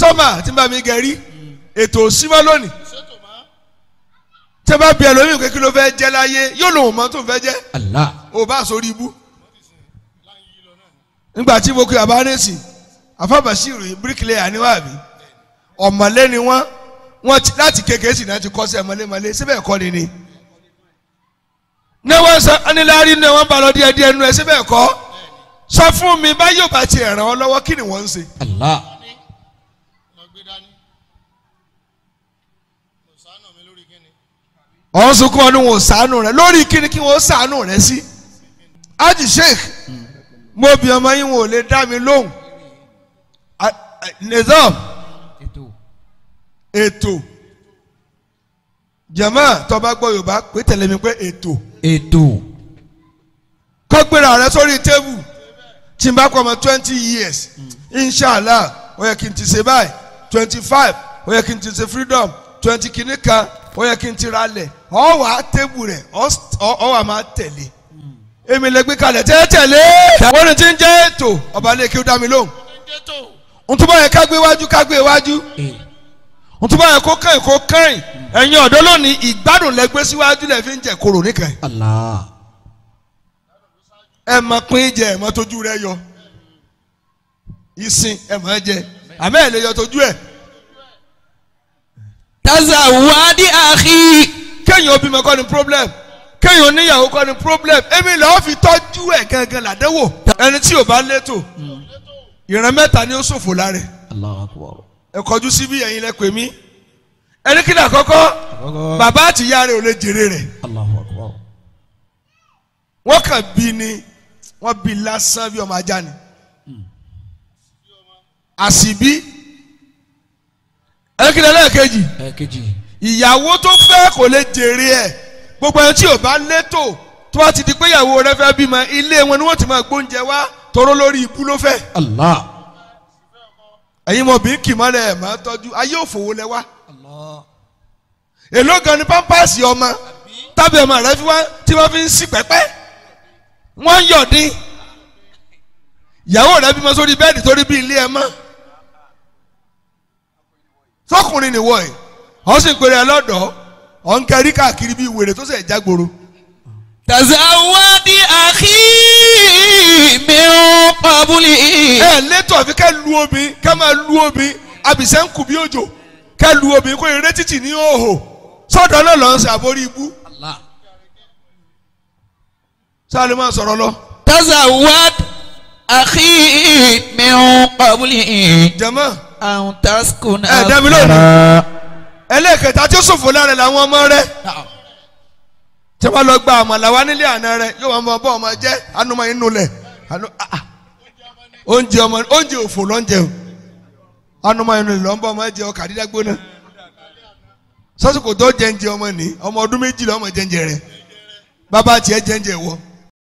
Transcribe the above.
sọ́mà tí bá mi gẹ̀rí ètò òsínmọ́ lónìí tẹ́ bá bí ẹlòmíràn kékeré ló fẹ́ jẹ́ láyé yóò lòun mọ́ tó fẹ́ jẹ́ ò bá sórí ibú nígbà tí mo kí abánẹ́sì afábàṣírù bíríkìlẹ̀yà níwá mi ọ̀mọ̀lé ni wọ́n wọ́n ti láti kékeré sì náà ti kọ́ sí ẹ̀ síbẹ̀ kọ́ ni ni ní sọ anilárí ní wọ́n bá lọ díẹ̀ díẹ̀ nú síbẹ̀ kọ́ sọ fún mi báyọ̀ bá ti ràn ọ́ lọ́wọ́ kí ni wọ́n ń ṣe. Allah ọ̀hún sunkún ọdún wọn ò sàánú rẹ lórí kíni kí wọn ó sàánú rẹ sí. Haji Sheikh mo bí ọmọ yín wọn ò lè dá mi lóhùn nizam ètò jẹ̀mọ́ tó bá gbọ́ Yorùbá pé tẹ̀lé mi pé ètò. ètò. kọ́ rẹ sórí tébù tí n bá kọ́ ọmọ twenty years hmm. inshallah ó yẹ kí n ti ṣe báyìí twenty five ó yẹ kí n ti ṣe freedom twenty kìíní kan ó yẹ kí n ti ra lẹ̀ ọ wà á tébù rẹ̀ ọ wà máa tẹ̀lé èmi lè gbé kalẹ̀ tẹ́ tẹ̀lé wọ́n ní ń jẹ́ ètò ọba lè kí ó dá mi lóhùn ntúbọ̀ yẹ ká gbé wájú ká gbé wájú ntúbọ̀ yẹ kó kẹ́yìn kó kẹ́yìn ẹ̀yin ọ̀dọ́ lónìí ìgbádùn lẹ gbé síwájú lẹ fi ń jẹ koro níkẹyìn ẹ mọ pín jẹ ẹ mọ tójú rẹ yọ ìsìn ẹ mọ jẹ àmẹ́ ẹ lè yọ tójú ẹ tazawadi akhi. kéèyàn obìnrin kọ́ ni problem kéèyàn oníyàwó kọ́ ni problem èmi lọ́ọ́ fi tọ́jú ẹ̀ gangan làdẹ́wò ẹni tí ò bá létò ìran mẹ́ta ni ó ṣòfò lára ẹ kọjú síbí ẹ̀yin lẹ́kọ̀ọ́ mi ẹni kí ni àkọ́kọ́ bàbá àti ìyá rẹ̀ ò lè jèrè rẹ̀ wọ́n kàn bí ni wọ́n bí lásán bí ọmọ ajá ni hmm. àṣìbí kílẹ̀ lẹ́ẹ̀kejì. ẹ̀kejì. ìyàwó tó fẹ́ kò lè jèrè ẹ̀ gbogbo ẹni tí ò bá létò tó bá ti di pé ìyàwó rẹ fẹ́ bímọ ilé wọn ni wọ́n ti máa gbóúnjẹ wá tọrọ lórí ikú ló fẹ́. Allah. ẹ̀yin mo bí kì mọ́lẹ̀ ẹ̀ máa tọ́jú ayé òfòwò lẹ wá. Allah. èló gan ni pampasì ọmọ tábìlì ọmọ rẹ fi wá tí wọ́n fi ń sí pẹ́pẹ́ wọ́n ń yọ̀ dín ìyàwó rẹ bímọ sórí bẹ́ẹ̀dì torí bí ilé ẹ mọ́ arákùnrin nìwọ yìí ọ sì pèrè ẹ lọ́dọ̀ ọ ń kẹrí káàkiri bíi wèrè tó sì jágboro. tazawadi akhi min qabli. ẹ létò àfi kẹ́ lu omi kẹ́ máa lu omi abìsẹ́ bí òjò kẹ́ lu omi kó eré títì ní òhò sọ́dọ̀ náà lọ́n ṣe àbórí ibú. sáà máa sọ̀rọ̀ lọ. tazawad akhi min qabli. jama. àwọn taskun náà. ẹ dẹ́mi lónìí tí ó ṣòfò lára làwọn ọmọ rẹ tí wọ́n lọ gba nílé àná rẹ yóò máa ọmọ jẹ́ inú lẹ̀ ah, ah. oúnjẹ ọmọ oúnjẹ òfò lọ́njẹ o inú lẹ̀ ọmọ jẹ ọkà dídá gbóná tó ọmọ ni, ọmọ ọdún méjìlá ọmọ jẹ́ ń jẹ rẹ bàbá tiẹ̀